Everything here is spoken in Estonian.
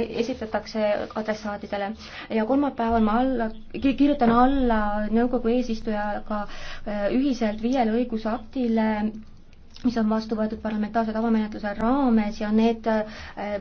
esitatakse adressaatidele ja kolmapäeval ma alla, kirjutan alla nõukogu eesistujaga äh, ühiselt viiele õigusaktile, mis on vastu võetud parlamentaarse tavamenetluse raames ja need äh,